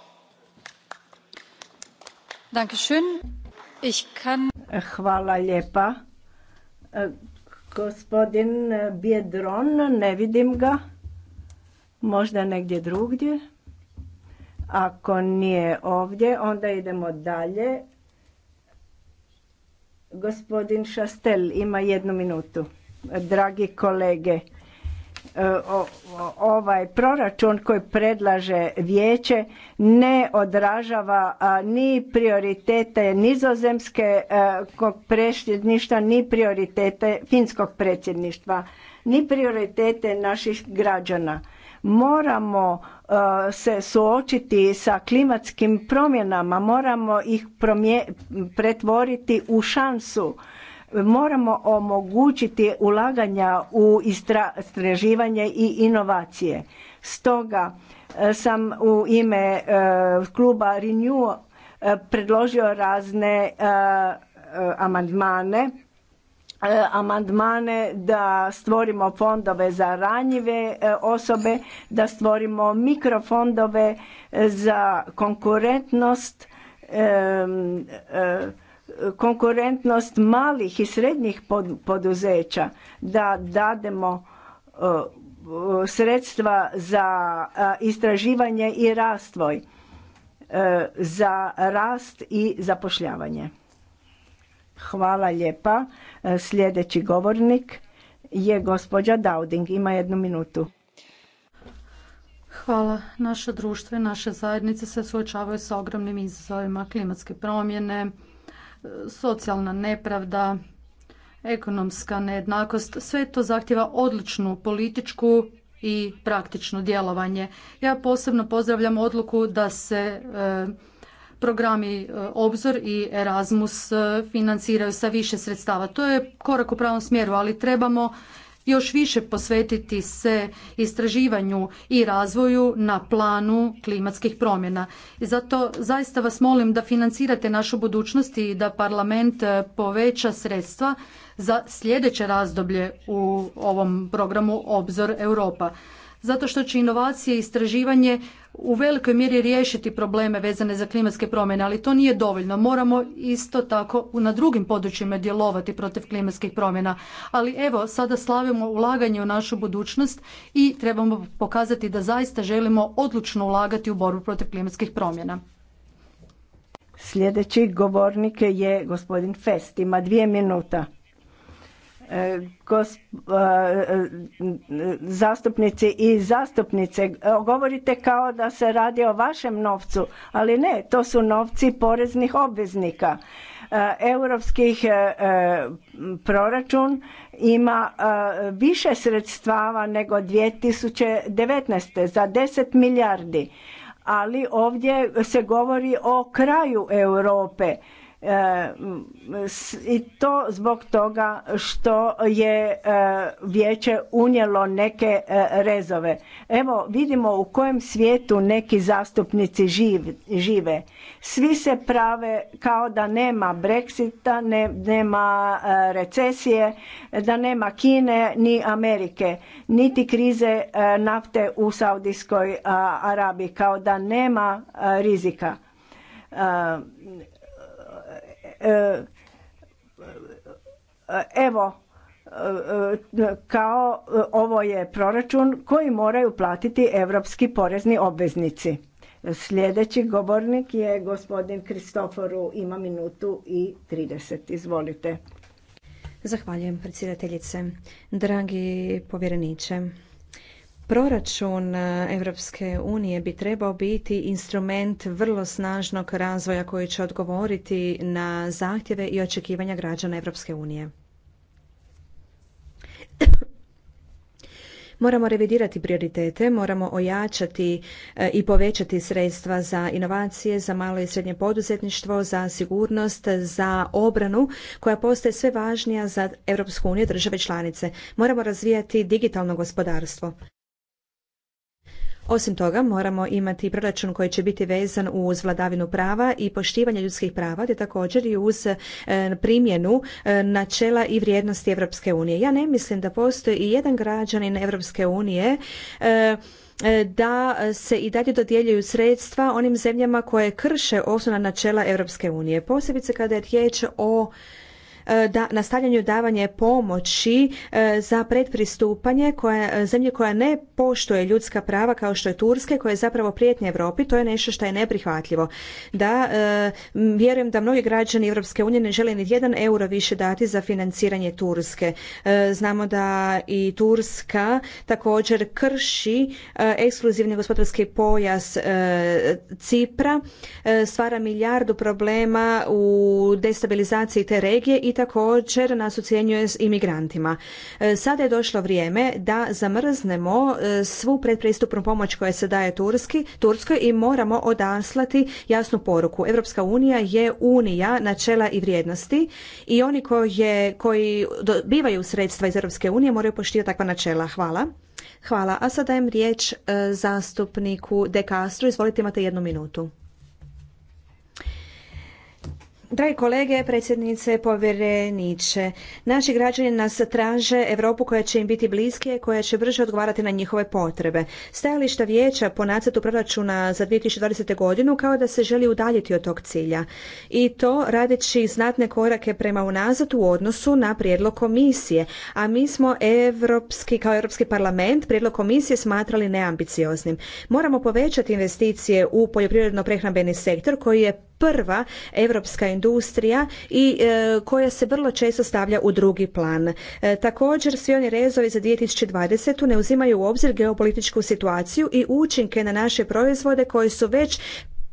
Hvala lijepa. E, gospodin Biedron, ne vidim ga. Možda negdje drugdje. Ako nije ovdje, onda idemo dalje. Gospodin Šastel ima jednu minutu. Dragi kolege, E, ovaj proračun koji predlaže vijeće ne odražava ni prioritete nizozemske e, predsjedništva ni prioritete finskog predsjedništva ni prioritete naših građana moramo e, se suočiti sa klimatskim promjenama moramo ih pretvoriti u šansu Moramo omogućiti ulaganja u istraživanje i inovacije. Stoga e, sam u ime e, kluba Renew e, predložio razne amandmane amandmane da stvorimo fondove za ranjive osobe, da stvorimo mikrofondove za konkurentnost, konkurentnost malih i srednjih poduzeća da dademo e, sredstva za e, istraživanje i rastvoj e, za rast i zapošljavanje. Hvala lijepa. Sljedeći govornik je gospođa Dauding. Ima jednu minutu. Hvala. Naše društvo i naše zajednice se suočavaju sa ogromnim izazovima klimatske promjene, socijalna nepravda, ekonomska nejednakost, sve to zahtjeva odličnu političku i praktično djelovanje. Ja posebno pozdravljam odluku da se e, programi e, Obzor i Erasmus e, financiraju sa više sredstava. To je korak u pravom smjeru, ali trebamo još više posvetiti se istraživanju i razvoju na planu klimatskih promjena. I zato zaista vas molim da financirate našu budućnost i da parlament e, poveća sredstva za sljedeće razdoblje u ovom programu Obzor Europa zato što će inovacije i istraživanje u velikoj mjeri riješiti probleme vezane za klimatske promjene, ali to nije dovoljno. Moramo isto tako na drugim područjima djelovati protiv klimatskih promjena. Ali evo, sada slavimo ulaganje u našu budućnost i trebamo pokazati da zaista želimo odlučno ulagati u borbu protiv klimatskih promjena. Sljedeći govornik je gospodin Fest, ima dvije minuta zastupnici i zastupnice, govorite kao da se radi o vašem novcu, ali ne, to su novci poreznih obveznika. Europskih proračun ima više sredstava nego 2019. za 10 milijardi, ali ovdje se govori o kraju Europe E, i to zbog toga što je e, vijeće unijelo neke e, rezove. Evo vidimo u kojem svijetu neki zastupnici žive. Svi se prave kao da nema Brexita, nema recesije, da nema Kine ni Amerike, niti krize nafte u Saudijskoj Arabiji, kao da nema rizika E, e, evo, e, kao ovo je proračun koji moraju platiti europski porezni obveznici. Sljedeći govornik je gospodin Kristoforu, ima minutu i 30. Izvolite. Zahvaljujem predsjedateljice. Dragi povjereniče, Proračun Europske unije bi trebao biti instrument vrlo snažnog razvoja koji će odgovoriti na zahtjeve i očekivanja građana Europske unije. [coughs] Moramo revidirati prioritete, moramo ojačati e, i povećati sredstva za inovacije, za malo i srednje poduzetništvo, za sigurnost, za obranu koja postaje sve važnija za Europsku uniju države članice. Moramo razvijati digitalno gospodarstvo. Osim toga, moramo imati proračun koji će biti vezan uz vladavinu prava i poštivanje ljudskih prava, te također i uz e, primjenu e, načela i vrijednosti Europske unije. Ja ne mislim da postoji i jedan građanin Europske unije e, da se i dalje dodjeljuju sredstva onim zemljama koje krše osnovna načela Europske unije, posebice kada je riječ o E, da, nastavljanju davanje pomoći e, za pretpristupanje zemlji e, zemlje koja ne poštuje ljudska prava kao što je Turske koja je zapravo prijetnja Europi, to je nešto što je neprihvatljivo. Da, vjerujem da mnogi građani Europske unije ne žele ni jedan euro više dati za financiranje Turske. Znamo da i Turska također krši ekskluzivni gospodarski pojas Cipra, stvara milijardu problema u destabilizaciji te regije i također nas ocjenjuje s imigrantima. E, sada je došlo vrijeme da zamrznemo e, svu predpristupnu pomoć koja se daje Turski, Turskoj i moramo odaslati jasnu poruku. Europska unija je unija načela i vrijednosti i oni koje, koji dobivaju sredstva iz Europske unije moraju poštivati takva načela. Hvala. Hvala. A sada dajem riječ e, zastupniku De Castro. Izvolite, imate jednu minutu. Dragi kolege, predsjednice, povjereniče, naši građani nas traže Europu koja će im biti bliske, koja će brže odgovarati na njihove potrebe. Stajališta vijeća po nacetu proračuna za 2020. godinu kao da se želi udaljiti od tog cilja. I to radeći znatne korake prema unazad u odnosu na prijedlog komisije. A mi smo Evropski, kao Europski parlament prijedlog komisije smatrali neambicioznim. Moramo povećati investicije u poljoprivredno-prehrambeni sektor koji je prva europska industrija i e, koja se vrlo često stavlja u drugi plan. E, također svi oni rezovi za 2020. ne uzimaju u obzir geopolitičku situaciju i učinke na naše proizvode koji su već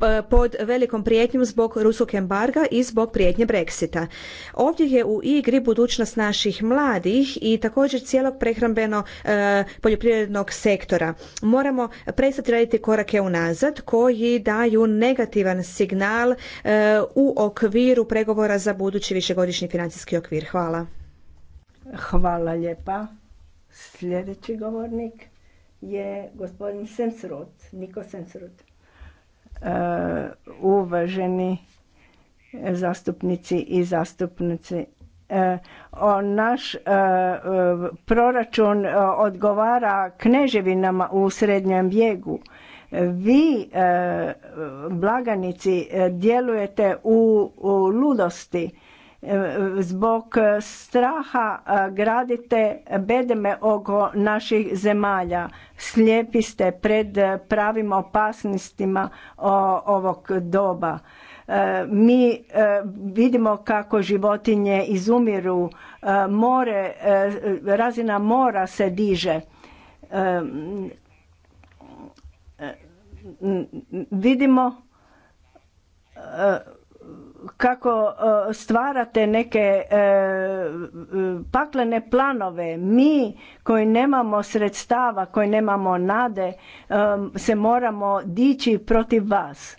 Eh, pod velikom prijetnjom zbog ruskog embarga i zbog prijetnje Brexita. Ovdje je u igri budućnost naših mladih i također cijelog prehrambeno eh, poljoprivrednog sektora. Moramo prestati raditi korake unazad koji daju negativan signal eh, u okviru pregovora za budući višegodišnji financijski okvir. Hvala. Hvala lijepa. Sljedeći govornik je gospodin Semsrot, Niko Sensrud. Eh, uvaženi zastupnici i zastupnici. Eh, naš eh, proračun odgovara kneževinama u srednjem vijegu. Vi, blaganici, djelujete u ludosti zbog e, straha e, gradite bedeme oko naših zemalja. Slijepi ste pred pravim opasnostima ovog doba. E, mi vidimo kako životinje izumiru, more, razina mora se diže. Vidimo kako e, stvarate neke e, e, paklene planove mi koji nemamo sredstava koji nemamo nade se moramo dići protiv vas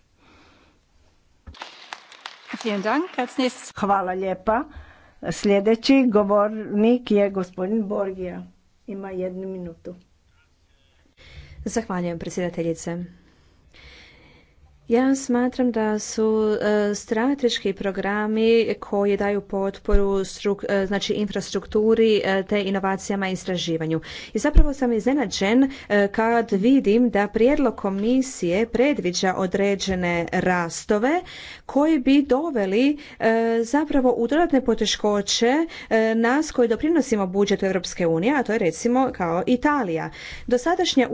hvala lijepa sljedeći govornik je gospodin borgija ima jednu minutu zahvaljujem predsjedateljice ja smatram da su e, strateški programi koji daju potporu e, znači infrastrukturi e, te inovacijama i istraživanju. I zapravo sam iznenađen kad vidim da prijedlog komisije predviđa određene rastove koji bi doveli e, zapravo u dodatne poteškoće e, nas koji doprinosimo budžetu Europske unije, a to je recimo kao Italija. Dosadašnja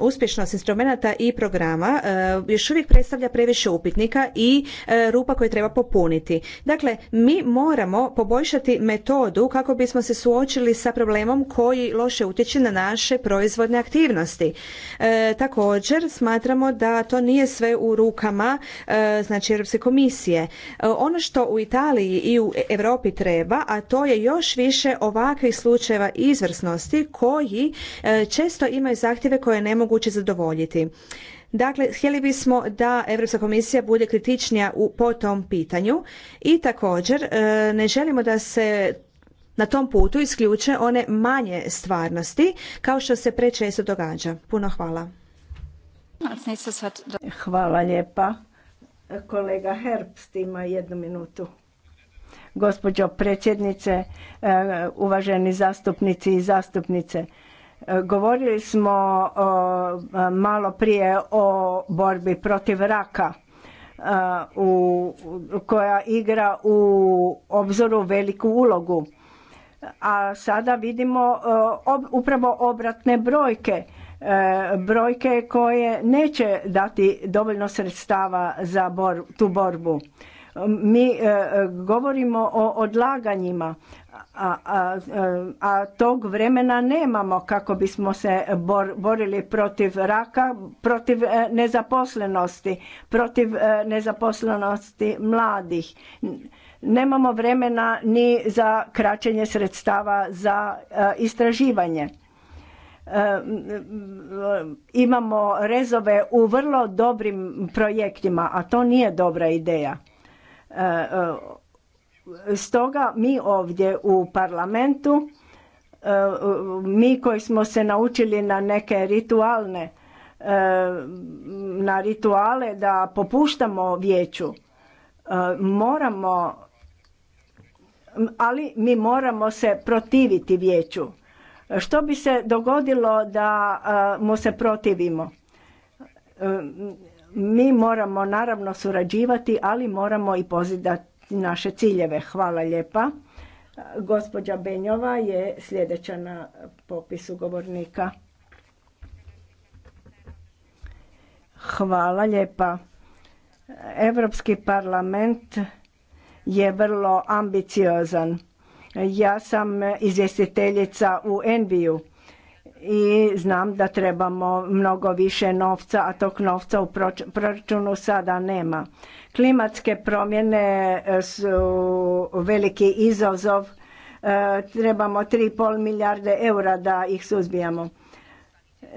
uspješnost instrumenata i programa e, još uvijek predstavlja previše upitnika i rupa koje treba popuniti. Dakle, mi moramo poboljšati metodu kako bismo se suočili sa problemom koji loše utječe na naše proizvodne aktivnosti. također smatramo da to nije sve u rukama znači Europske komisije komisije. E, ono što u Italiji i u Europi treba, a to je još više ovakvih slučajeva izvrsnosti koji e, često imaju zahtjeve koje je nemoguće zadovoljiti. Dakle, htjeli bismo da Europska komisija bude kritičnija u, po tom pitanju i također e, ne želimo da se na tom putu isključe one manje stvarnosti kao što se prečesto događa. Puno hvala. Hvala lijepa. Kolega Herbst ima jednu minutu. Gospođo predsjednice, e, uvaženi zastupnici i zastupnice, e, govorili smo e, malo prije o borbi protiv raka koja igra u obzoru veliku ulogu. A sada vidimo upravo obratne brojke E, brojke koje neće dati dovoljno sredstava za tu borbu. Mi e, govorimo o odlaganjima, a, tog vremena nemamo kako bismo se borili protiv raka, protiv e, nezaposlenosti, protiv nezaposlenosti mladih. Nemamo vremena ni za kraćenje sredstava za istraživanje E, imamo rezove u vrlo dobrim projektima, a to nije dobra ideja. E, e, stoga mi ovdje u parlamentu, mi koji smo se naučili na neke ritualne, na rituale da popuštamo vijeću, moramo, ali mi moramo se protiviti vijeću što bi se dogodilo da mu se protivimo? E, mi moramo naravno surađivati, ali moramo i pozidati naše ciljeve. Hvala lijepa. Gospođa Benjova je sljedeća na popisu govornika. Hvala lijepa. Europski parlament je vrlo ambiciozan ja sam izvjestiteljica u Enviju i znam da trebamo mnogo više novca, a tog novca u proračunu sada nema. Klimatske promjene e, su veliki izazov, e, trebamo 3,5 milijarde eura da ih suzbijamo.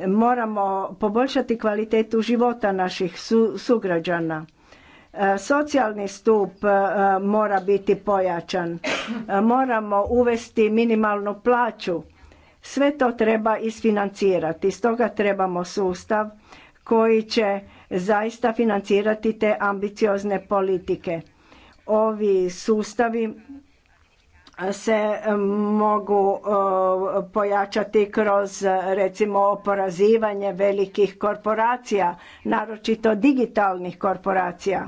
Moramo poboljšati kvalitetu života naših sugrađana Socijalni stup e, mora biti pojačan. E, moramo uvesti minimalnu plaću. Sve to treba isfinancirati. Stoga trebamo sustav koji će zaista financirati te ambiciozne politike. Ovi sustavi se mogu e, pojačati kroz recimo oporazivanje velikih korporacija, naročito digitalnih korporacija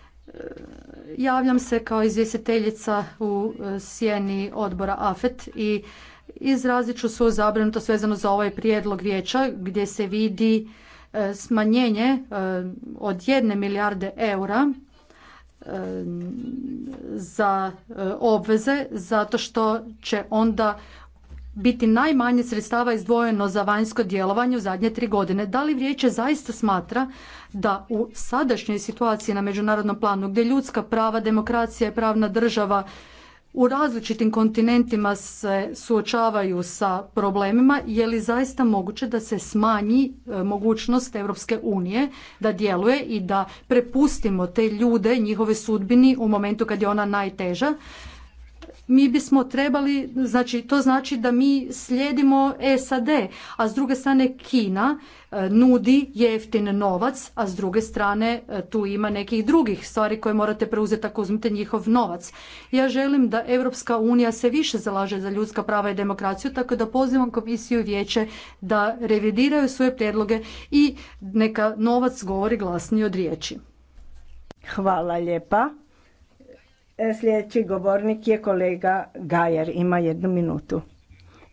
Javljam se kao izvjestiteljica u e, sjeni odbora AFET i izrazit ću svoju zabrinutost vezano za ovaj prijedlog vijeća gdje se vidi e, smanjenje e, od jedne milijarde eura za obveze zato što će onda biti najmanje sredstava izdvojeno za vanjsko djelovanje u zadnje tri godine. Da li vijeće zaista smatra da u sadašnjoj situaciji na međunarodnom planu gdje ljudska prava, demokracija i pravna država u različitim kontinentima se suočavaju sa problemima, je li zaista moguće da se smanji e, mogućnost Europske unije da djeluje i da prepustimo te ljude, njihove sudbini u momentu kad je ona najteža, mi bismo trebali, znači to znači da mi slijedimo SAD, a s druge strane Kina e, nudi jeftin novac, a s druge strane e, tu ima nekih drugih stvari koje morate preuzeti ako uzmete njihov novac. Ja želim da Europska unija se više zalaže za ljudska prava i demokraciju, tako da pozivam komisiju i vijeće da revidiraju svoje prijedloge i neka novac govori glasnije od riječi. Hvala lijepa. E, sljedeći govornik je kolega Gajer, ima jednu minutu.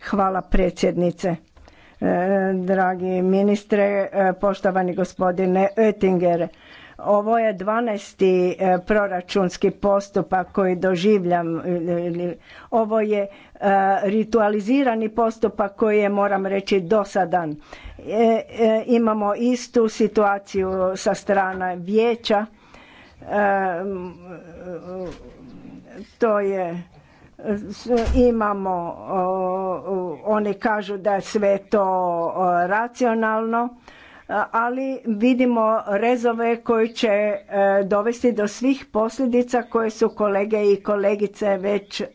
Hvala predsjednice. E, dragi ministre, e, poštovani gospodine Oettinger, ovo je 12. proračunski postupak koji doživljam. Ovo je ritualizirani postupak koji je, moram reći, dosadan. Imamo istu situaciju sa strane vijeća to je imamo oni kažu da je sve to racionalno ali vidimo rezove koji će e, dovesti do svih posljedica koje su kolege i kolegice već e,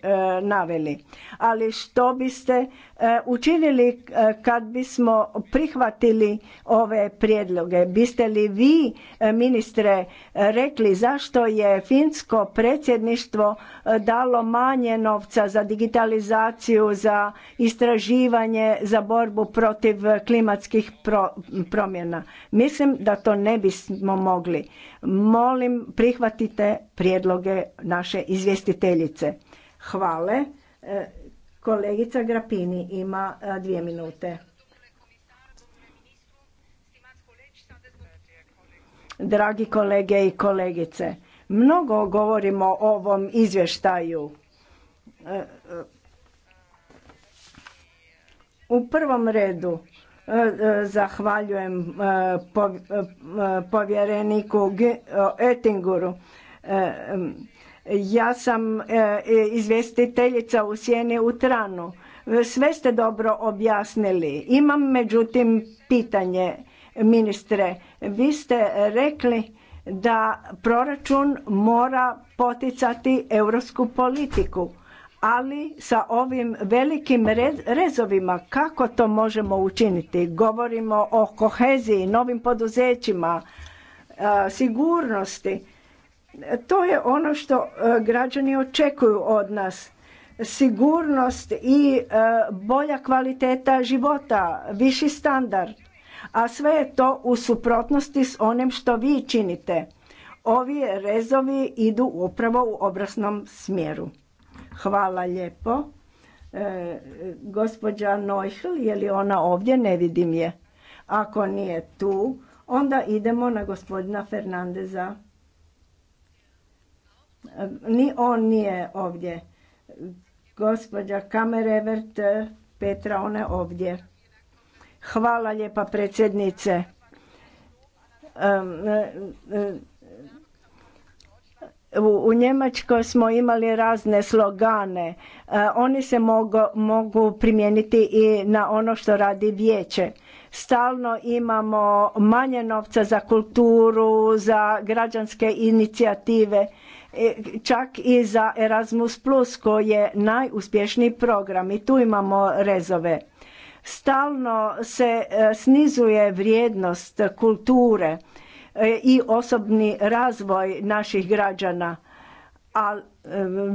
naveli ali što biste E, učinili e, kad bismo prihvatili ove prijedloge? Biste li vi, e, ministre, rekli zašto je finsko predsjedništvo dalo manje novca za digitalizaciju, za istraživanje, za borbu protiv klimatskih promjena? Mislim da to ne bismo mogli. Molim, prihvatite prijedloge naše izvjestiteljice. Hvale. Kolegica Grapini ima e, dvije minute. Dragi kolege i kolegice, mnogo govorimo o ovom izvještaju. E, e, u prvom redu zahvaljujem povjereniku etinguru. Ja sam e, e, izvjestiteljica u Sjeni u Tranu. E, sve ste dobro objasnili. Imam međutim pitanje, ministre. Vi ste rekli da proračun mora poticati europsku politiku ali sa ovim velikim rezovima kako to možemo učiniti? Govorimo o koheziji, novim poduzećima, sigurnosti. To je ono što e, građani očekuju od nas. Sigurnost i e, bolja kvaliteta života, viši standard. A sve je to u suprotnosti s onim što vi činite. Ovi rezovi idu upravo u obrasnom smjeru. Hvala lijepo. E, gospođa Neuhl, je li ona ovdje? Ne vidim je. Ako nije tu, onda idemo na gospodina Fernandeza. Ni on nije ovdje. Gospođa Kamerevert Petra, ona je ovdje. Hvala lijepa predsjednice. U Njemačkoj smo imali razne slogane. E, oni se mogu, mogu primijeniti i na ono što radi vijeće. Stalno imamo manje novca za kulturu, za građanske inicijative E, čak i za Erasmus Plus koji je najuspješniji program i tu imamo rezove. Stalno se e, snizuje vrijednost kulture e, i osobni razvoj naših građana, a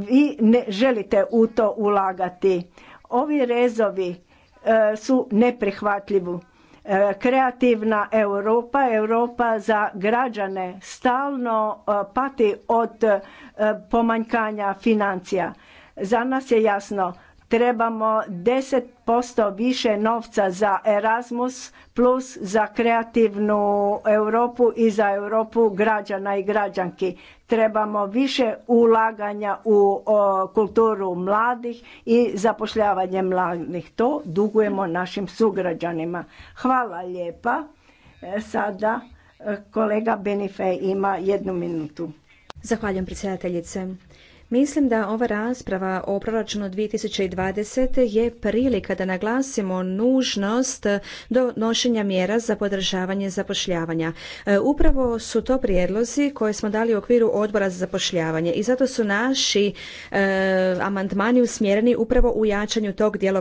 vi ne želite u to ulagati. Ovi rezovi su neprihvatljivi Kreativna Europa, Europa za građane stalno e, pati od e, pomanjkanja financija. Za nas je jasno trebamo 10% više novca za Erasmus plus za kreativnu Europu i za Europu građana i građanki. Trebamo više ulaganja u kulturu mladih i zapošljavanje mladih. To dugujemo našim sugrađanima. Hvala lijepa. E, sada e, kolega Benife ima jednu minutu. Zahvaljujem predsjedateljice. Mislim da ova rasprava o proračunu 2020. je prilika da naglasimo nužnost donošenja mjera za podržavanje zapošljavanja. E, upravo su to prijedlozi koje smo dali u okviru odbora za zapošljavanje i zato su naši e, amandmani usmjereni upravo u jačanju tog, e,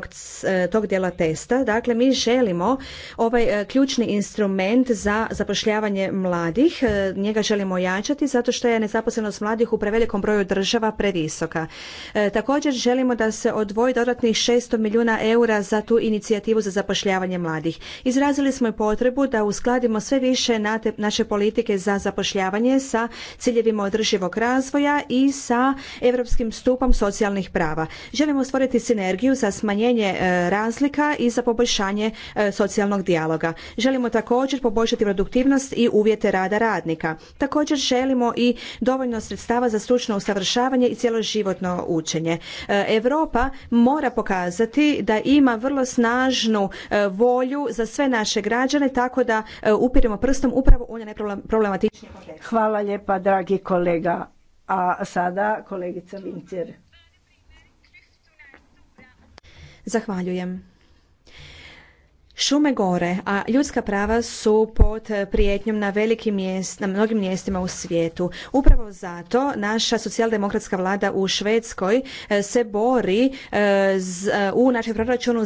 tog dijela testa. Dakle, mi želimo ovaj ključni instrument za zapošljavanje mladih, njega želimo jačati zato što je nezaposlenost mladih u prevelikom broju država previsoka. E, također želimo da se odvoji dodatnih 600 milijuna eura za tu inicijativu za zapošljavanje mladih. Izrazili smo i potrebu da uskladimo sve više naše politike za zapošljavanje sa ciljevima održivog razvoja i sa europskim stupom socijalnih prava. Želimo stvoriti sinergiju za smanjenje e, razlika i za poboljšanje e, socijalnog dijaloga. Želimo također poboljšati produktivnost i uvjete rada radnika. Također želimo i dovoljno sredstava za stručno usavršavanje obrazovanje i cjeloživotno učenje. E, Europa mora pokazati da ima vrlo snažnu e, volju za sve naše građane tako da e, upiremo prstom upravo u ne problematične Hvala lijepa dragi kolega. A sada kolegica Vincer. Zahvaljujem. Šume gore, a ljudska prava su pod prijetnjom na velikim mjestima, na mnogim mjestima u svijetu. Upravo zato naša socijaldemokratska vlada u Švedskoj eh, se bori eh, eh, u našem proračunu za